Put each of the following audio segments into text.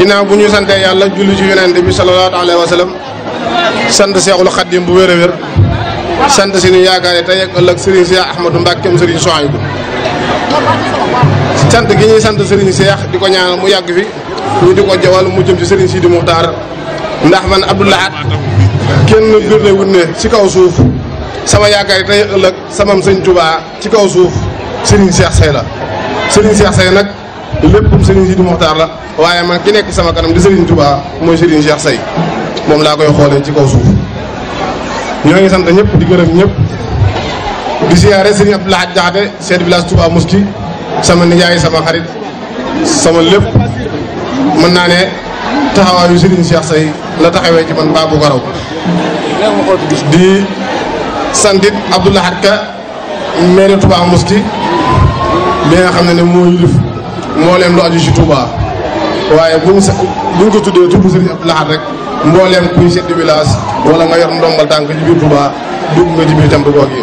ginaaw bu ñu sante yalla jullu ci yenen bi sallallahu alaihi wasallam sallam sant seexul xaddim bu wéré wér sant si ñu yaakaare tay ak ëlëk Serigne Cheikh Ahmadou Mbacke Serigne Souhaïbou sant gi ñi sant Serigne Cheikh diko ko ñaanal mu yagg fi ñu diko jawal mu jëm ci Serigne Sidi muhtar ndax man Abdoulahat kenn birne wu ne ci kaw suuf sama yaakaar tay ëlëk sama serigne Touba ci kaw suuf Serigne Cheikh sayla Serigne Cheikh Say nak te léppum Serigne Sidi Mokhtar la waaye man ki nekk sama kanam di Serigne Touba mooy Serigne Cheikh Say moom laa koy xoolee ci kaw suuf ñoo ngi sant ñëpp di gërëm ñëpp di siyaare Serigne Abdou Lahad Diakhaté de village Touba Mosquée sama nijaay sama xarit sama lépp mën naa ne taxawaayu Serigne Cheikh Say la taxawee ci man baabu garaw di santit Abdullah Lahad Ka maire Touba muski, bi nga xam ne ne moo mbooleem lu aju ci Touba waye buñ sa ko tuddé tudd Serigne Abdou Lahad rek mbooleem kuy chef de village wala nga yor ndombal tank ci bi Touba dug nga ci bi tam googu yi.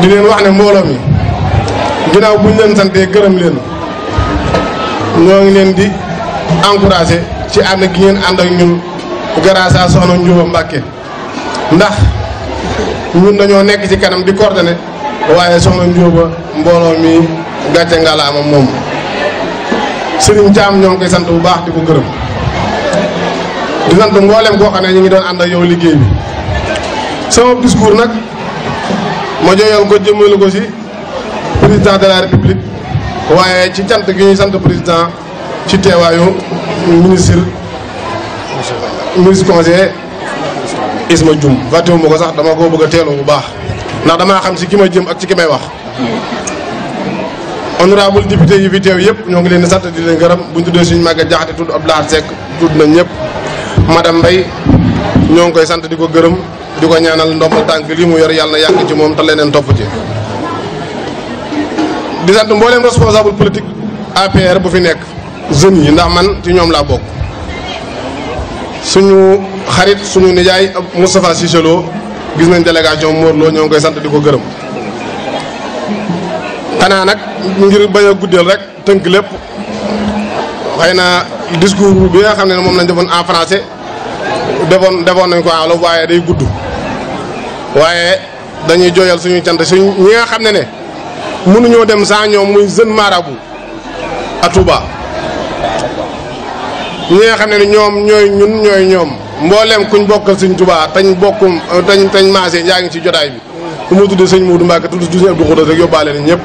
di len wax ne mbooloo mi ginnaaw buñ len santé gërëm len ñoo ngi len di encourager ci and gi ngeen and ak ñun grâce à soxna ñu mbacké ndax ñun dañoo nekk ci kanam di coordonner waye sama Njóoba mbolo mi gàcce ngalaama mom Serigne jam ñong koy sant bu baax diko ko di sant mboolem go xane ñi ngi doon and ak yow liggey bi sama discours nak ma joyal ko jëmeul ko ci président de la république waye ci cant gi ñi sant président ci teewaayu ministre ministre conseiller Isma djum fàttewuma ko sax dama ko bëgg a bu baax ndax dama xam si ki ma jëm ak ci ki may wax. honorable député yi fi teew yëpp ñoo ngi leen di sant di leen gërëm bu ñu tuddee suñu màgg jaaxate tudd Abdou Lahad Seck tudd nañ ñëpp madame Mbaye ñoo ngi koy sant di ko gërëm di ko ñaanal ndombal tànk yi mu yor yàlla na yàgg ci moom te leneen topp ci. di sant mbooleem responsable politique APR bu fi nekk jeunes yi ndax man ci ñoom laa bokk suñu xarit suñu nijaay Moustapha Cissé Lo gis nañ délégation Mor Lo ñoo koy sant di ko gërëm xanaa nag ngir bañ a guddeel rek tënk lépp xëy na discours bi nga xam ne moom lañ defoon en français defoon defoon nañ ko en waaye day gudd waaye dañuy jooyal suñuy cant suñ ñi nga xam ne ne mënuñoo dem sans ñoom muy jeune marabout à Touba ñi nga xam ne ñoom ñooy ñun ñooy ñoom mbooleem kuñ bokkal suñ Tuubaa tañ bokkum euh, tañ tañ maasee yaa ngi ci jotaay bi ku ma tudd sëñ Moodu du tudd sëñ Abdu Xudoos rek yóbbaale nañ ñëpp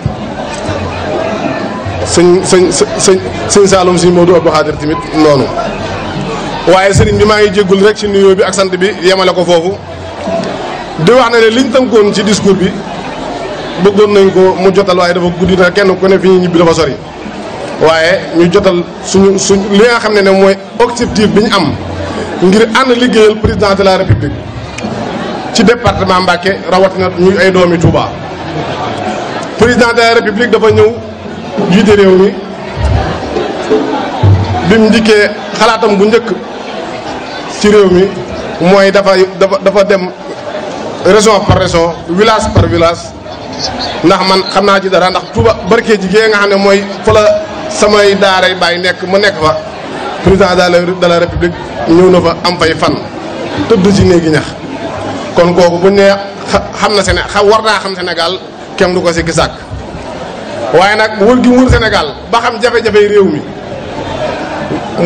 sëñ sëñ sëñ sëñ Saalum sëñ Moodu Abdu Xaadir tamit noonu waaye sëriñ bi maa ngi jéggul rek ci nuyoo bi ak sant bi yemale ko foofu di wax na ne liñ tënkoon ci discours bi bëggoon nañ ko mu jotal waaye dafa guddi na kenn ku ne fi ñu ñibbi dafa sori waye ñu jotal suñu li nga xamne ne moy objectif biñ am ngir and liggéeyal président de la république ci département Mbacké na ñuy ay doomi Touba président de la république dafa ñëw jiite rew mi bimu diké xalaatam bu ñëk ci rew mi moy dafa dafa dem région par région village par village ndax man xamna ci dara ndax Touba barkee jigéen nga xamne moy fa la samay daaray bàyyi nekk ma nekk fa président de la république ñëw na fa am fay fan tëdd ci néegi ñax kon kooku bu ne xam na Sénégal xam war naa xam Sénégal kenn du ko si gisaak waaye nag wër gi wër ba xam jafe-jafe réew mi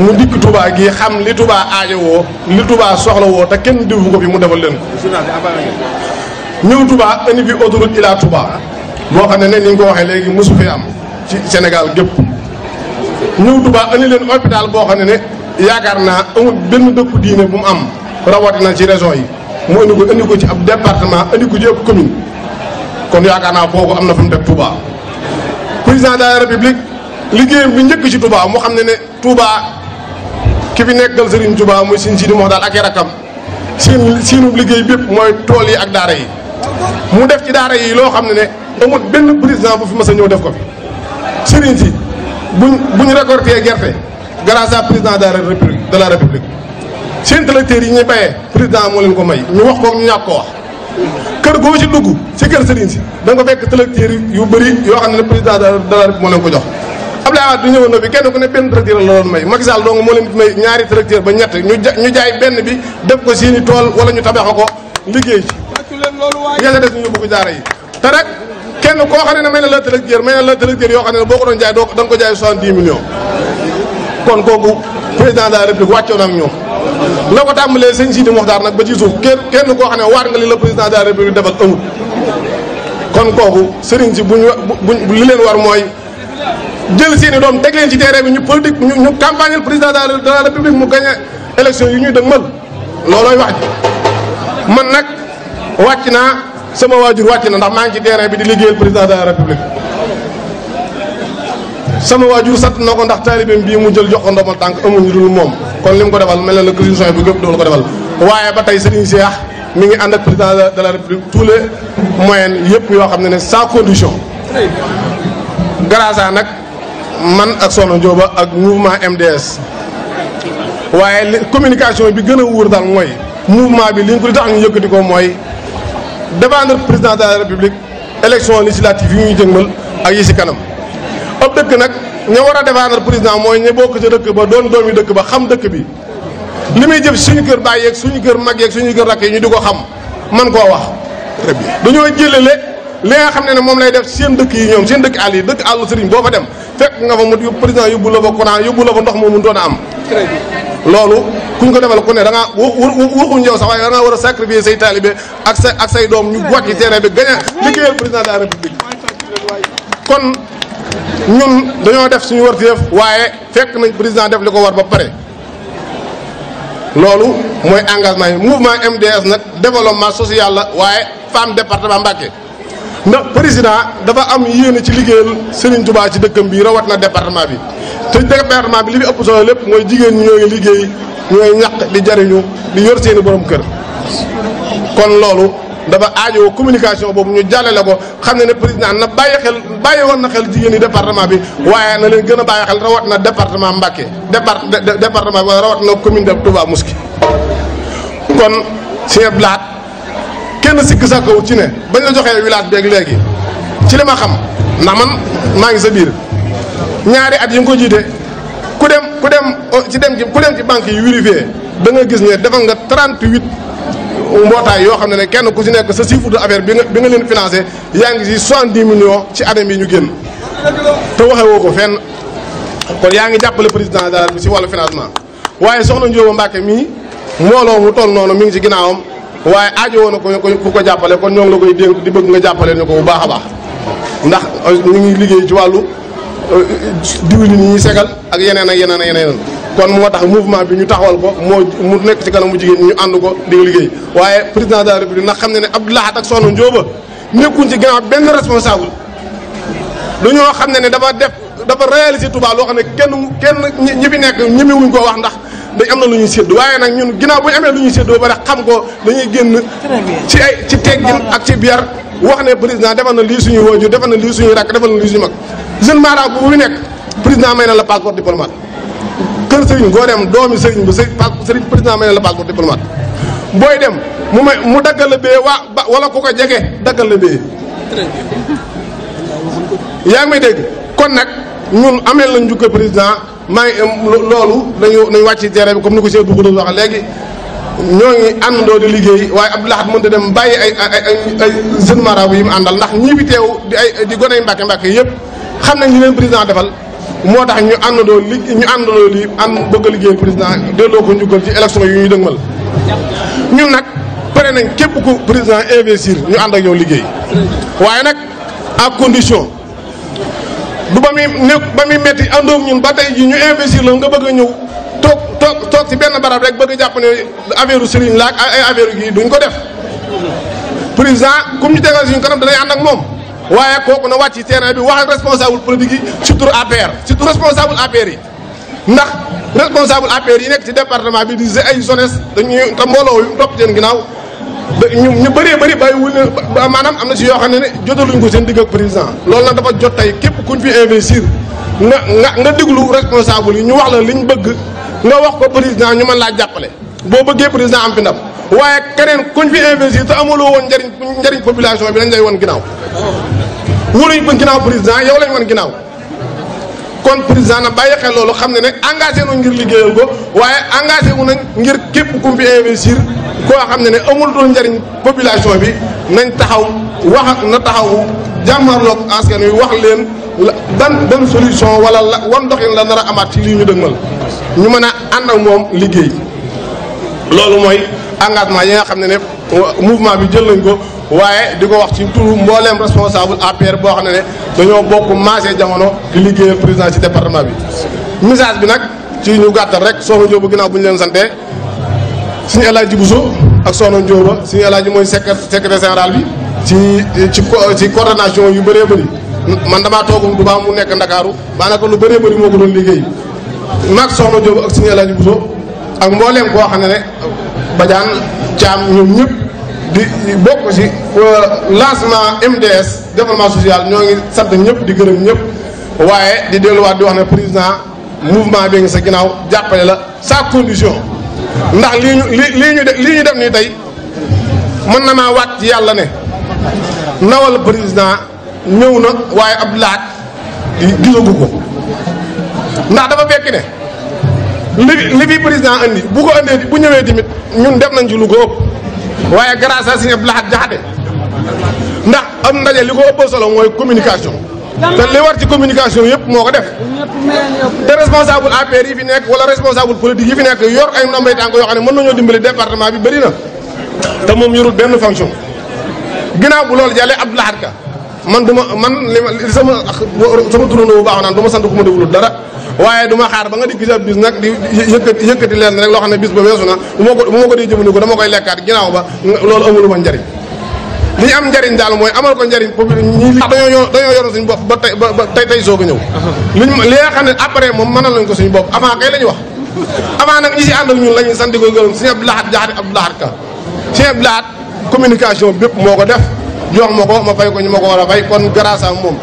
mu dikk Touba gi xam li Touba aajowoo li Touba woo te kenn diwu ko fi mu defal leen ko ñëw Touba indi fi autoroute Ila Touba boo xam ne ne niñ nga ko waxee léegi mosu fi am ci Sénégal gépp ñëw Touba andi leen hôpital boo xam ne ne yaakaar naa amul benn dëkku diine bu mu am rawatina ci région yi mu andi ko andi ko ci ab département andi ko ci ab commune kon yaakaar naa foofu am na fu mu teg Touba. président de la république liggéeyam bi njëkk ci Touba mu xam ne ne Touba ki fi nekkal Serigne Touba muy Serigne Sidi daal ak i rakkam seen seenu liggéey bépp mooy tool yi ak daara yi mu def ci daara yi loo xam ne ne amul benn président bu fi ñëw def ko fi si. buñ buñ récolté gerte grâce à président de la république de la république yi ñu béyee président moo leen ko may ñu wax ko ñu ñàkk ko wax. kër goo ci dugg ci kër sëriñ si da nga fekk tracteurs yu bëri yoo xam ne président de la république moo leen ko jox. Abdoulaye Wade du ñëwoon na fi kenn ku ne benn tracteur la may Macky Sall dong moo leen may ñaari tracteur ba ñett ñu ñu jaay benn bi def ko seeni tool wala ñu tabax ko liggéey ci. yàlla des ñu yóbbu ko jaara yi te rek. kenn koo xam ne ne may na Lat Lajjër na Lat yoo xam ne boo ko doon jaay doo da nga ko jaay soixante-dix millions kon kooku président de la république wàccoon ak ñoom la ko tàmbalee sëñ Sidi Moxtaar nag ba ci suuf kenn kenn koo xam ne waar nga li la président de la république defal amul kon kooku sëriñ si buñ buñ li leen war mooy jël seeni doom teg leen ci terrain bi ñu politique ñu campagne président de la république mu gagné élection yu ñuy dëgmal loolooy wax ji man nag wàcc naa sama waajur wàcc na ndax maa ngi ci terrain bi di liggéeyal président de la république sama waajur sant na ko ndax taalibeem bii mu jël jox ko ndomal tànk amul dul moom kon li mu ko defal mel la constitution bi gépp doon ko waaye ba tey Serigne Cheikh mi ngi ànd ak président de la république tous les moyens yëpp yoo xam ne ne sans condition grâce nag man ak Soxna Jóoba ak mouvement MDS waaye communication bi gën a wóor daal mooy mouvement bi li ñu ko li tax ñu yëkkati ko mooy devant notre président de la république élection législative yi ñuy jëngmal ak yi si kanam ab dëkk nag ña war a défendre président mooy ña bokk ci dëkk ba doon doomi dëkk ba xam dëkk bi li may jëf suñu kër baay yeeg suñu kër mag yeeg suñu kër rakk yi ñu di ko xam man koo wax dañoo jëlale li nga xam ne ne moom lay def seen dëkk yi ñoom seen dëkk àll yi dëkk àllu sëriñ boo fa dem fekk nga fa mu président yóbbu la fa courant yóbbu la fa ndox moomu doon a am loolu kuñ ko defal ku ne da ngaa waxuñ yow sax waaye war a sacrifier say taalibe ak say doom ñu gox ci terrain bi gagné liggéeyal président de la république kon ñun dañoo def suñu warteef waaye fekk nañ président def li ko war ba pare loolu mooy engagement yi mouvement MDS nag développement social la waaye femme département Mbacké ndax président dafa am yéene ci liggéeyal Serigne Touba ci dëkkam bi rawat na département bi te département bi li fi ëpp solo lépp mooy jigéen ñi liggéey ñooy ñaq di jariñu di yor seeni borom kër kon loolu dafa aajoo communication boobu ñu jàllale ko xam ne ne président na bàyyi xel bàyyi woon xel jigéen yi département bi waaye na leen gën a bàyyi xel rawat na département Mbacké départ département bi rawat na commune de Touba Mosquée kon Sèye Blaat. kenn sikk sàkkawut ci ne bañ la joxee wilaat beeg léegi ci la ma xam ndax man maa ngi sa biir ñaari at yi nga ko jiite ku dem ku dem ci dem ci ku dem ci banque yi vérifié da nga gis ne defal nga 38 mbootaay yoo xam ne ne kenn ku ci nekk sa chiffre d'affaires bi nga bi nga leen financé yaa ngi ci di millions ci année bi ñu génn te waxee woo ko fenn kon yaa ngi jàppale président daal bi ci wàllu financement waaye soxna Ndiobo Mbacke mii mbooloo mu toll noonu ngi ci ginnaawam. waaye aajo woon na ko ku ko jàppale kon ñoo ngi la koy dénk di bëgg nga jàppale ñu ko bu baax baax ndax euh, ñu ngi liggéey ci wàllu euh, diwlin yi ñuy segal ak yeneen ak yeneen ak yeneen kon moo tax mouvement bi ñu taxawal ko moo mu nekk ci kanamu jigéen ñu ànd ko di liggéey président de la république ndax xam ne ne Abdou Lahad ak Soxna Njóoba nekkuñ ci gannaaw benn responsable dañoo xam ne ne dafa def dafa réaliser Touba loo xam ne kenn kenn ñi fi nekk ñemewuñ koo wax ndax dañ am na lu ñuy sédd waaye nag ñun ginnaaw bu ñu amee lu ñuy sédd ba pare xam ko dañuy génn ci ay ci teggin ak ci biyar wax ne président defal na lii suñu waajur defal na lii suñuy rakk defal na lii suñu mag jeune mara bu fi nekk président may na la passeport diplomate kër sëriñ goo dem doomi sëriñ bu sëriñ président may na la passeport diplomate booy dem mu may mu daggal la bee waa ba wala ko ko jege daggal la bee yaa ngi may dégg kon nag ñun amee la njukkal président may loolu nañu nañu wàcc terrain bi comme ni ko sëñ Boukoundour waxee léegi ñoo ngi àndandoo di liggéey waaye Abdou Lahad mënta dem bàyyi ay ay ay jeune marabout yi mu àndal ndax ñii bi teew di ay di gone mbàkke mbàkke yëpp xam nañ ñu leen président defal moo tax ñu àndandoo li ñu àndandoo lii ànd bëgg a liggéey président delloo ko njukkal ci élection yu ñuy dëgmal ñun nag pare nañ képp ku président investir ñu ànd ak yow liggéey waaye nag à condition. du ba muy nekk ba muy métti àndoog ñun ba tey ji ñu investir la nga bëgg a ñëw toog toog toog ci benn barab rek bëgg a jàpp ne affaire sëriñ la ak ay affaire yi duñ ko def président comme ñu tegal suñu kanam danay ànd ak moom waaye kooku na wàcc ci terrain bi wax ak responsable politique yi surtout APR surtout responsable APR yi ndax responsable APR yi nekk ci département bi di ay jeunesse dañuy te mbooloo yu topp seen ginnaaw ñu ñu bëree bëri bàyyiwul ne maanaam am na si yoo xam ne ne jotaluñ ko seen digg ak président loolu na dafa jot tey képp kuñ fi investir nga nga nga déglu responsable yi ñu wax la liñ bëgg nga wax ko président ñu man laa jàppale boo bëggee président am fi ndam waaye keneen kuñ fi investir te amuloo woon njariñ njariñ population bi dañ lay woon ginnaaw wóoluñ ko ginnaaw président yow lañ woon ginnaaw kon président na bàyyi xel loolu xam ne ne engagé nañ ngir liggéeyal ko waaye engagé wu nañ ngir képp ku mu fi investir koo xam ne ne amul doon njariñ population bi nañ taxaw wax na taxawu jàmmarloog askan wi wax leen dan dan solution wala la wan doxin la nar a amaat ci lii ñu dëgmal ñu mën a ànd ak moom liggéey loolu mooy engagement yi nga xam ne ne mouvement bi jël nañ ko waaye di ko wax ci turu mbooleem responsable APR boo xam ne ne dañoo bokk maasee jamono di liggéeyal président ci département bi. message bi nag ci ñu gàttal rek soxna Ndiobo ginnaaw bu ñu leen sante suñu El Hadj Bousso ak soxna Ndiobo suñu El Hadj mooy secrétaire général bi ci ci ci coordination yu bëree bari man damaa toogum du baa mu nekk Ndakaaru daanaka lu bëree bari moo ko doon liggéey maag soxna Ndiobo ak suñu El Hadj Bousso ak mbooleem koo xam ne ne Badiane Thiam di bokk ci euh, lancement MDS développement social ñoo ngi sant ñëpp di gërëm ñëpp waaye di delluwaat di wax ne président mouvement bi nga sa ginnaaw jàppale la sa condition ndax lii ñu li lii ñu def lii ñu nii tey mën na maa waat ci yàlla ne nawal président ñëw na waaye ab laaj gisagu ko ndax dafa fekk ne li li fi président indi bu ko andee bu ñëwee tamit ñun def nañ ci lu ko waaye grâce à Serigne Abdou Lahad Diakhaté ndax am ndaje li ko ëpp solo mooy communication te li war ci communication yëpp moo ko def te responsable APR yi fi nekk wala responsable politique yi fi nekk yor ay ndombay tànk yoo xam ne mën nañoo dimbali département bi bëri na te moom yorul benn fonction ginnaaw bu loolu jàllee Abdou Lahad Ka man du man li ma li sama sama turandoo bu baax naan du ma sant ku ma defulul dara waaye du xaar ba nga dikk sa bis leen rek loo xam ne bis ba weesu na bu ma ko ko dee jëfandikoo dama koy lekkaat ginnaaw ba loolu njariñ li am njariñ daal mooy amal ko njariñ pour ñi li ah. dañoo dañoo tey ba tey tey soog a ñëw uh-huh. liñ li nga xam ne après moom mënal lañ ko suñu bopp avant kay la wax avant nag ñi si ànd ak ñun la ñuy sant di ko gërëm suñu Abdou Lahad Jaxate Abdou Lahad Ka suñu Abdou Lahad communication bépp moo ko def jox ma ko ma fay ko ñu ma ko war a fay kon grâce à moom